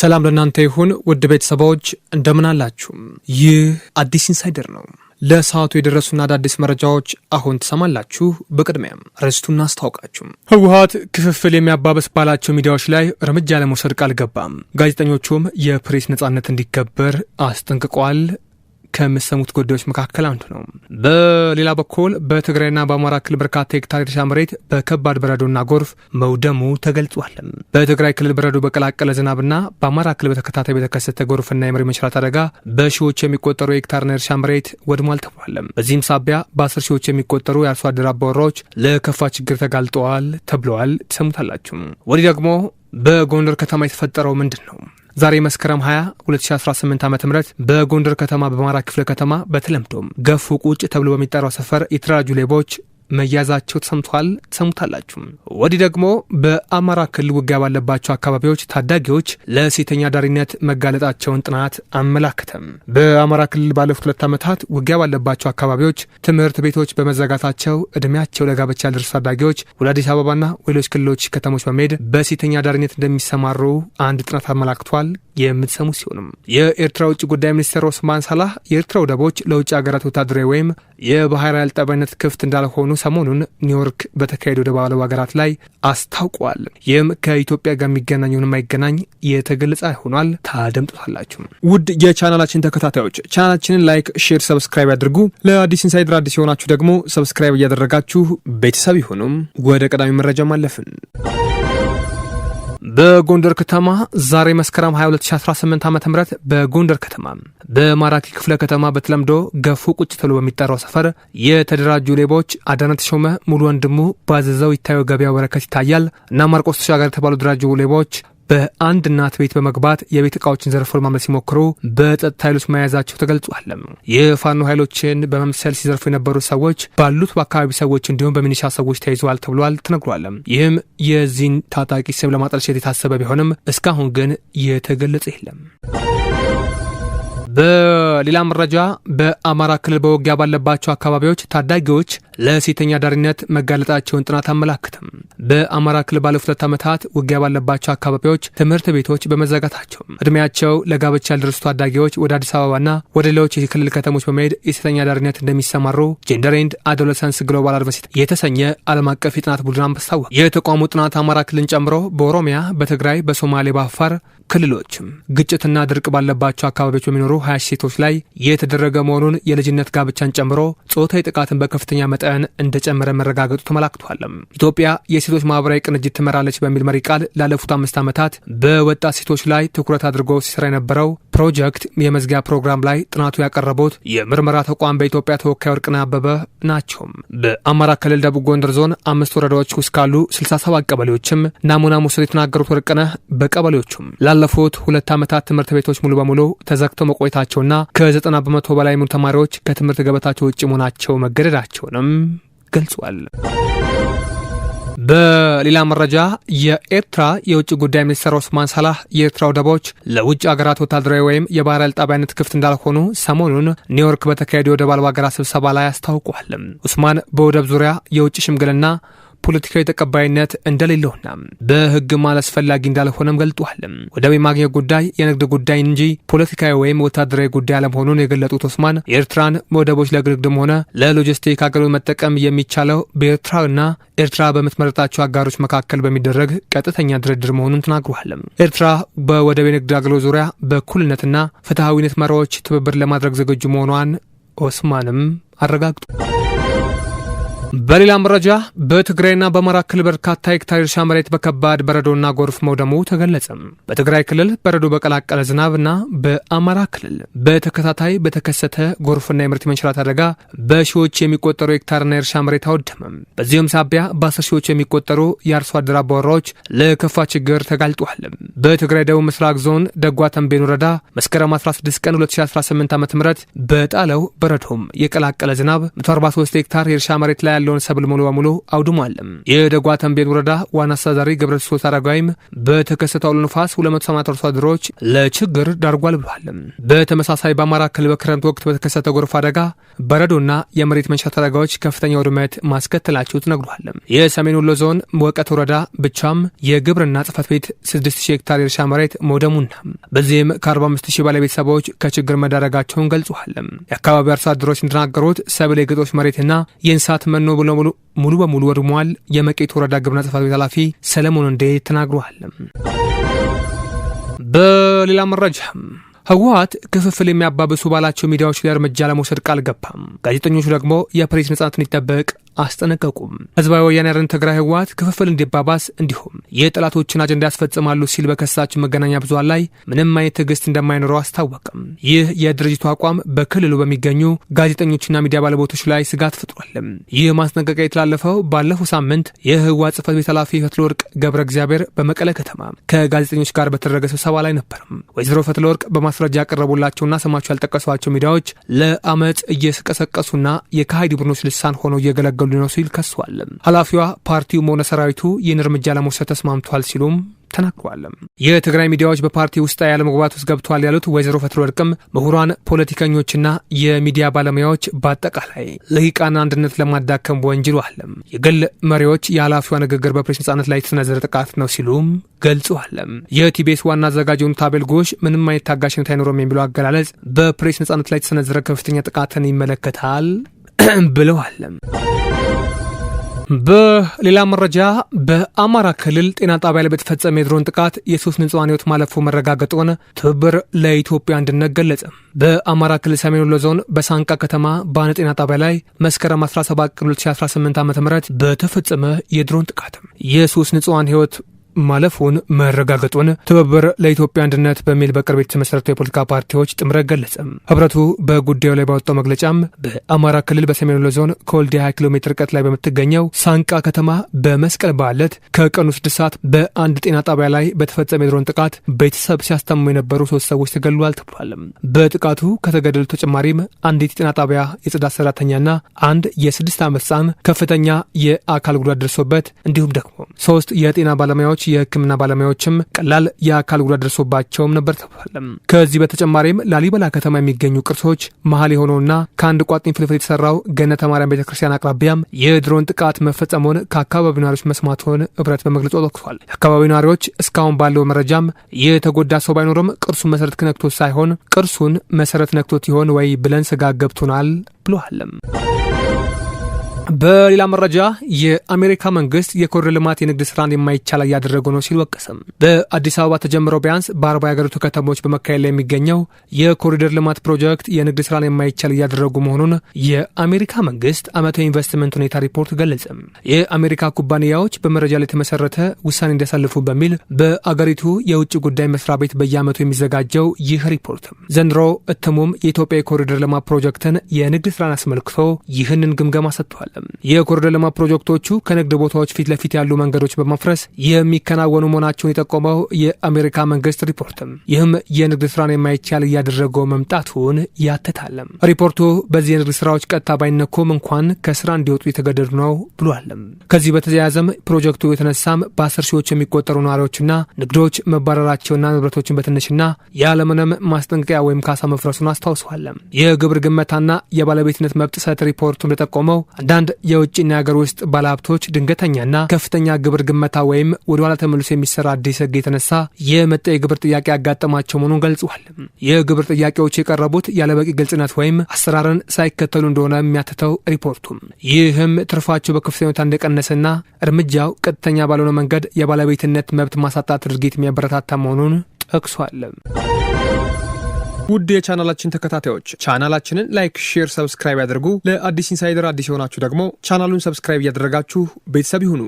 ሰላም ለእናንተ ይሁን ውድ ቤተሰቦች እንደምን አላችሁም? ይህ አዲስ ኢንሳይደር ነው። ለሰዓቱ የደረሱና አዳዲስ መረጃዎች አሁን ትሰማላችሁ። በቅድሚያም ርዕስቱን አስታውቃችሁ ህወሀት ክፍፍል የሚያባበስ ባላቸው ሚዲያዎች ላይ እርምጃ ለመውሰድ ቃል ገባም፣ ጋዜጠኞቹም የፕሬስ ነጻነት እንዲከበር አስጠንቅቋል። ከምሰሙት ጉዳዮች መካከል አንዱ ነው። በሌላ በኩል በትግራይና በአማራ ክልል በርካታ ሄክታር የእርሻ መሬት በከባድ በረዶና ጎርፍ መውደሙ ተገልጿል። በትግራይ ክልል በረዶ በቀላቀለ ዝናብና በአማራ ክልል በተከታታይ በተከሰተ ጎርፍና የመሬት መሸራት አደጋ በሺዎች የሚቆጠሩ የሄክታርና የእርሻ መሬት ወድሟል ተብሏል። በዚህም ሳቢያ በአስር ሺዎች የሚቆጠሩ የአርሶ አደር አባወራዎች ለከፋ ችግር ተጋልጠዋል ተብለዋል። ትሰሙታላችሁ። ወዲህ ደግሞ በጎንደር ከተማ የተፈጠረው ምንድን ነው? ዛሬ መስከረም 20 2018 ዓ ም በጎንደር ከተማ በማራ ክፍለ ከተማ በተለምዶም ገፉ ቁጭ ተብሎ በሚጠራው ሰፈር የተደራጁ ሌቦች መያዛቸው ተሰምቷል። ተሰሙታላችሁ። ወዲህ ደግሞ በአማራ ክልል ውጊያ ባለባቸው አካባቢዎች ታዳጊዎች ለሴተኛ ዳሪነት መጋለጣቸውን ጥናት አመላክተም። በአማራ ክልል ባለፉት ሁለት ዓመታት ውጊያ ባለባቸው አካባቢዎች ትምህርት ቤቶች በመዘጋታቸው እድሜያቸው ለጋብቻ ያልደረሱ ታዳጊዎች ወደ አዲስ አበባና ሌሎች ክልሎች ከተሞች በመሄድ በሴተኛ ዳሪነት እንደሚሰማሩ አንድ ጥናት አመላክቷል። የምትሰሙ ሲሆንም የኤርትራ ውጭ ጉዳይ ሚኒስትር ኦስማን ሳላህ የኤርትራ ወደቦች ለውጭ ሀገራት ወታደራዊ ወይም የባህር ኃይል ጠባይነት ክፍት እንዳልሆኑ ሰሞኑን ኒውዮርክ በተካሄደ ባለው ሀገራት ላይ አስታውቋል። ይህም ከኢትዮጵያ ጋር የሚገናኘውን የማይገናኝ የተገለጸ ሆኗል። ታደምጡታላችሁ። ውድ የቻናላችን ተከታታዮች ቻናላችንን ላይክ፣ ሼር፣ ሰብስክራይብ ያድርጉ። ለአዲስ ኢንሳይድር አዲስ የሆናችሁ ደግሞ ሰብስክራይብ እያደረጋችሁ ቤተሰብ ይሁኑም። ወደ ቀዳሚ መረጃ ማለፍን በጎንደር ከተማ ዛሬ መስከረም 22018 ዓ ም በጎንደር ከተማ በማራኪ ክፍለ ከተማ በተለምዶ ገፉ ቁጭ ተብሎ በሚጠራው ሰፈር የተደራጁ ሌቦች አዳነት ሾመ፣ ሙሉ ወንድሙ፣ ባዘዘው ይታየው፣ ገበያ በረከት ይታያል እና ማርቆስ ተሻጋሪ የተባሉ ደራጁ ሌቦች በአንድ እናት ቤት በመግባት የቤት እቃዎችን ዘርፎ ለማምለጥ ሲሞክሩ በጸጥታ ኃይሎች መያዛቸው ተገልጿል። የፋኖ ኃይሎችን በመምሰል ሲዘርፉ የነበሩ ሰዎች ባሉት በአካባቢ ሰዎች እንዲሁም በሚኒሻ ሰዎች ተይዘዋል ተብሏል ተነግሯል። ይህም የዚህን ታጣቂ ስም ለማጠልሸት የታሰበ ቢሆንም እስካሁን ግን የተገለጸ የለም። በሌላ መረጃ በአማራ ክልል በውጊያ ባለባቸው አካባቢዎች ታዳጊዎች ለሴተኛ አዳሪነት መጋለጣቸውን ጥናት አመላክትም። በአማራ ክልል ባለፉት ሁለት ዓመታት ውጊያ ባለባቸው አካባቢዎች ትምህርት ቤቶች በመዘጋታቸው እድሜያቸው ለጋብቻ ያልደረሱ ታዳጊዎች ወደ አዲስ አበባና ወደ ሌሎች የክልል ከተሞች በመሄድ የሴተኛ አዳሪነት እንደሚሰማሩ ጀንደር ኤንድ አዶለሰንስ ግሎባል አድቨርሲቲ የተሰኘ ዓለም አቀፍ የጥናት ቡድን አስታወቀ። የተቋሙ ጥናት አማራ ክልልን ጨምሮ በኦሮሚያ፣ በትግራይ፣ በሶማሌ፣ በአፋር ክልሎች ግጭትና ድርቅ ባለባቸው አካባቢዎች በሚኖሩ 20 ሴቶች ላይ የተደረገ መሆኑን የልጅነት ጋብቻን ጨምሮ ጾታዊ ጥቃትን በከፍተኛ መጠን እንደጨመረ መረጋገጡ ተመላክቷል። ኢትዮጵያ የሴቶች ማህበራዊ ቅንጅት ትመራለች በሚል መሪ ቃል ላለፉት አምስት ዓመታት በወጣት ሴቶች ላይ ትኩረት አድርጎ ሲሰራ የነበረው ፕሮጀክት የመዝጊያ ፕሮግራም ላይ ጥናቱ ያቀረቡት የምርመራ ተቋም በኢትዮጵያ ተወካይ ወርቅነህ አበበ ናቸው። በአማራ ክልል ደቡብ ጎንደር ዞን አምስት ወረዳዎች ውስጥ ካሉ 67 ቀበሌዎችም ናሙና መውሰድ የተናገሩት ወርቅነህ በቀበሌዎቹም ላለፉት ሁለት ዓመታት ትምህርት ቤቶች ሙሉ በሙሉ ተዘግተው መቆ መቆየታቸውና ከዘጠና በመቶ በላይ የሚሆኑ ተማሪዎች ከትምህርት ገበታቸው ውጭ መሆናቸው መገደዳቸውንም ገልጿል። በሌላ መረጃ የኤርትራ የውጭ ጉዳይ ሚኒስትር ኦስማን ሳላህ የኤርትራ ወደቦች ለውጭ ሀገራት ወታደራዊ ወይም የባህር ኃይል ጣቢያነት ክፍት እንዳልሆኑ ሰሞኑን ኒውዮርክ በተካሄደ የወደብ አልባ ሀገራት ስብሰባ ላይ አስታውቋል። ኡስማን በወደብ ዙሪያ የውጭ ሽምግልና ፖለቲካዊ ተቀባይነት እንደሌለውና ማል አላስፈላጊ እንዳልሆነም ገልጧል። ወደብ የማግኘት ጉዳይ የንግድ ጉዳይ እንጂ ፖለቲካዊ ወይም ወታደራዊ ጉዳይ አለመሆኑን የገለጡት ኦስማን የኤርትራን ወደቦች ለግርግድም ሆነ ለሎጂስቲክ አገልግሎት መጠቀም የሚቻለው በኤርትራና ኤርትራ በምትመርጣቸው አጋሮች መካከል በሚደረግ ቀጥተኛ ድርድር መሆኑን ተናግሯል። ኤርትራ በወደብ የንግድ አገልግሎት ዙሪያ በኩልነትና ፍትሐዊነት መራዎች ትብብር ለማድረግ ዝግጁ መሆኗን ኦስማንም አረጋግጧል። በሌላ መረጃ በትግራይና በአማራ ክልል በርካታ ሄክታር እርሻ መሬት በከባድ በረዶና ጎርፍ መውደሙ ተገለጸም። በትግራይ ክልል በረዶ በቀላቀለ ዝናብና በአማራ ክልል በተከታታይ በተከሰተ ጎርፍና የምርት መንሸራት አደጋ በሺዎች የሚቆጠሩ ሄክታርና የእርሻ መሬት አወደመም። በዚህም ሳቢያ በአስር ሺዎች የሚቆጠሩ የአርሶ አደር አባወራዎች ለከፋ ችግር ተጋልጧል። በትግራይ ደቡብ ምስራቅ ዞን ደጓ ተንቤን ወረዳ መስከረም 16 ቀን 2018 ዓ ም በጣለው በረዶም የቀላቀለ ዝናብ 143 ሄክታር የእርሻ መሬት ላይ ያለውን ሰብል ሙሉ በሙሉ አውድሟል። የደጓ ተንቤን ወረዳ ዋና አስተዳዳሪ ገብረ ክርስቶስ አረጋዊም በተከሰተው አውሎ ነፋስ 270 አርሶ አደሮች ለችግር ዳርጓል ብሏል። በተመሳሳይ በአማራ ክልል በክረምት ወቅት በተከሰተ ጎርፍ አደጋ በረዶና የመሬት መንሸት አደጋዎች ከፍተኛ ውድመት ማስከተላቸው ተነግሯል። የሰሜን ወሎ ዞን ወቀት ወረዳ ብቻም የግብርና ጽፈት ቤት 6000 ሄክታር የእርሻ መሬት መውደሙና በዚህም ከ45000 ባለቤተሰቦች ቤተሰቦች ከችግር መዳረጋቸውን ገልጿል። የአካባቢው አርሶ አደሮች እንደተናገሩት ሰብል የግጦሽ መሬትና የእንስሳት መኖ ፋኖ በሙሉ ሙሉ በሙሉ ወድሟል። የመቄት ወረዳ ግብርና ጽሕፈት ቤት ኃላፊ ሰለሞን እንዴ ተናግረዋል። በሌላ መረጃ ህወሀት ክፍፍል የሚያባብሱ ባላቸው ሚዲያዎች ላይ እርምጃ ለመውሰድ ቃል ገባም። ጋዜጠኞቹ ደግሞ የፕሬስ ነጻነት እንዲጠበቅ አስጠነቀቁም። ህዝባዊ ወያኔ ሓርነት ትግራይ ህወሓት ክፍፍል እንዲባባስ እንዲሁም የጠላቶችን አጀንዳ ያስፈጽማሉ ሲል በከሳቸው መገናኛ ብዙኃን ላይ ምንም አይነት ትዕግስት እንደማይኖረው አስታወቅም። ይህ የድርጅቱ አቋም በክልሉ በሚገኙ ጋዜጠኞችና ሚዲያ ባለቤቶች ላይ ስጋት ፈጥሯል። ይህ ማስጠንቀቂያ የተላለፈው ባለፈው ሳምንት የህወሓት ጽህፈት ቤት ኃላፊ ፈትለወርቅ ገብረ እግዚአብሔር በመቀለ ከተማ ከጋዜጠኞች ጋር በተደረገ ስብሰባ ላይ ነበርም። ወይዘሮ ፈትለወርቅ በማስረጃ ያቀረቡላቸውና ስማቸው ያልጠቀሷቸው ሚዲያዎች ለአመፅ እየቀሰቀሱና የካሃዲ ቡድኖች ልሳን ሆነው እየገለገሉ እየተወሰዱ ነው ሲል ከሷል። ኃላፊዋ ፓርቲውም ሆነ ሰራዊቱ ይህን እርምጃ ለመውሰድ ተስማምቷል ሲሉም ተናግሯልም። የትግራይ ሚዲያዎች በፓርቲ ውስጥ ያለመግባት ውስጥ ገብተዋል ያሉት ወይዘሮ ወርቅም ምሁራን፣ ፖለቲከኞችና የሚዲያ ባለሙያዎች በአጠቃላይ ልሂቃን አንድነት ለማዳከም አለም የግል መሪዎች የኃላፊዋ ንግግር በፕሬስ ነጻነት ላይ የተሰነዘረ ጥቃት ነው ሲሉም ገልጸዋል። የቲቤስ ዋና አዘጋጅ የሆኑት አቤል ጎሽ ምንም አይነት ታጋሽነት አይኖረም የሚለው አገላለጽ በፕሬስ ነጻነት ላይ የተሰነዘረ ከፍተኛ ጥቃትን ይመለከታል ብለዋል። በሌላ መረጃ በአማራ ክልል ጤና ጣቢያ ላይ በተፈጸመ የድሮን ጥቃት የሶስት ንጹሐን ሕይወት ማለፉ መረጋገጡን ትብብር ለኢትዮጵያ አንድነት ገለጸ። በአማራ ክልል ሰሜን ወሎ ዞን በሳንቃ ከተማ በአነ ጤና ጣቢያ ላይ መስከረም 17 ቀን 2018 ዓ ም በተፈጸመ የድሮን ጥቃት የሶስት ንጹሐን ህይወት ማለፉን መረጋገጡን ትብብር ለኢትዮጵያ አንድነት በሚል በቅርብ የተመሰረቱ የፖለቲካ ፓርቲዎች ጥምረት ገለጸ። ህብረቱ በጉዳዩ ላይ ባወጣው መግለጫም በአማራ ክልል በሰሜን ወሎ ዞን ከወልዲያ 20 ኪሎ ሜትር ርቀት ላይ በምትገኘው ሳንቃ ከተማ በመስቀል በዓለት ከቀኑ ስድስት ሰዓት በአንድ ጤና ጣቢያ ላይ በተፈጸመ የድሮን ጥቃት ቤተሰብ ሲያስታምሙ የነበሩ ሶስት ሰዎች ተገሏል ተብሏል። በጥቃቱ ከተገደሉ ተጨማሪም አንዲት የጤና ጣቢያ የጽዳት ሰራተኛና አንድ የስድስት ዓመት ህጻን ከፍተኛ የአካል ጉዳት ደርሶበት እንዲሁም ደግሞ ሶስት የጤና ባለሙያዎች የህክምና ባለሙያዎችም ቀላል የአካል ጉዳት ደርሶባቸውም ነበር ተብሏል። ከዚህ በተጨማሪም ላሊበላ ከተማ የሚገኙ ቅርሶች መሀል የሆነውና ከአንድ ቋጥኝ ፍልፍል የተሰራው ገነተ ማርያም ቤተክርስቲያን አቅራቢያም የድሮን ጥቃት መፈጸሙን ከአካባቢው ነዋሪዎች መስማቱን ህብረት በመግለጹ ተወቅሷል። የአካባቢው ነዋሪዎች እስካሁን ባለው መረጃም የተጎዳ ሰው ባይኖርም ቅርሱን መሰረት ነክቶት ሳይሆን ቅርሱን መሰረት ነክቶት ይሆን ወይ ብለን ስጋ ገብቶናል ብለዋልም። በሌላ መረጃ የአሜሪካ መንግስት የኮሪደር ልማት የንግድ ስራን የማይቻል እያደረጉ ነው ሲል ወቀሰም። በአዲስ አበባ ተጀምረው ቢያንስ በአርባ የሀገሪቱ ከተሞች በመካሄድ ላይ የሚገኘው የኮሪደር ልማት ፕሮጀክት የንግድ ስራን የማይቻል እያደረጉ መሆኑን የአሜሪካ መንግስት አመታዊ ኢንቨስትመንት ሁኔታ ሪፖርት ገለጸም። የአሜሪካ ኩባንያዎች በመረጃ ላይ የተመሰረተ ውሳኔ እንዲያሳልፉ በሚል በአገሪቱ የውጭ ጉዳይ መስሪያ ቤት በየዓመቱ የሚዘጋጀው ይህ ሪፖርት ዘንድሮ እትሙም የኢትዮጵያ የኮሪደር ልማት ፕሮጀክትን የንግድ ስራን አስመልክቶ ይህንን ግምገማ ሰጥቷል። የኮሪደር ልማት ፕሮጀክቶቹ ከንግድ ቦታዎች ፊት ለፊት ያሉ መንገዶች በማፍረስ የሚከናወኑ መሆናቸውን የጠቆመው የአሜሪካ መንግስት ሪፖርት ይህም የንግድ ስራን የማይቻል እያደረገው መምጣቱን ያትታለም። ሪፖርቱ በዚህ የንግድ ስራዎች ቀጥታ ባይነኩም እንኳን ከስራ እንዲወጡ የተገደዱ ነው ብሏል። ከዚህ በተያያዘም ፕሮጀክቱ የተነሳም በአስር ሺዎች የሚቆጠሩ ነዋሪዎችና ንግዶች መባረራቸውና ንብረቶችን በትንሽና ያለምንም ማስጠንቀቂያ ወይም ካሳ መፍረሱን አስታውሰዋለም። የግብር ግመታና የባለቤትነት መብት ጥሰት ሪፖርቱ እንደጠቆመው አንዳንድ አንዳንድ የውጭና የሀገር ውስጥ ባለሀብቶች ድንገተኛና ከፍተኛ ግብር ግመታ ወይም ወደኋላ ተመልሶ የሚሰራ አዲስ ህግ የተነሳ የመጣ የግብር ጥያቄ ያጋጠማቸው መሆኑን ገልጿል። የግብር ጥያቄዎች የቀረቡት ያለበቂ ግልጽነት ወይም አሰራርን ሳይከተሉ እንደሆነ የሚያትተው ሪፖርቱም ይህም ትርፋቸው በከፍተኛ ሁኔታ እንደቀነሰና እርምጃው ቀጥተኛ ባልሆነ መንገድ የባለቤትነት መብት ማሳጣት ድርጊት የሚያበረታታ መሆኑን ጠቅሷል። ውድ የቻናላችን ተከታታዮች ቻናላችንን ላይክ፣ ሼር፣ ሰብስክራይብ ያድርጉ። ለአዲስ ኢንሳይደር አዲስ የሆናችሁ ደግሞ ቻናሉን ሰብስክራይብ እያደረጋችሁ ቤተሰብ ይሁኑ።